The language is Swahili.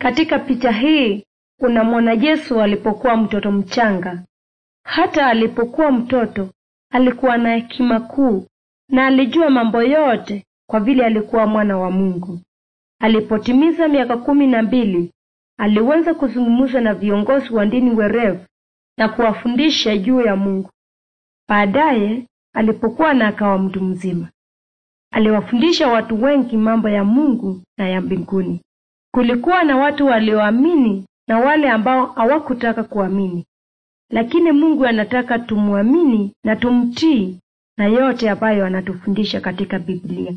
Katika picha hii kuna mwana Yesu alipokuwa mtoto mchanga. Hata alipokuwa mtoto alikuwa na hekima kuu na alijua mambo yote kwa vile alikuwa mwana wa Mungu. Alipotimiza miaka kumi na mbili aliweza kuzungumza na viongozi wa dini werevu na kuwafundisha juu ya Mungu. Baadaye alipokuwa na akawa mtu mzima, aliwafundisha watu wengi mambo ya Mungu na ya mbinguni. Kulikuwa na watu walioamini na wale ambao hawakutaka kuamini, lakini Mungu anataka tumwamini na tumtii na yote ambayo anatufundisha katika Biblia.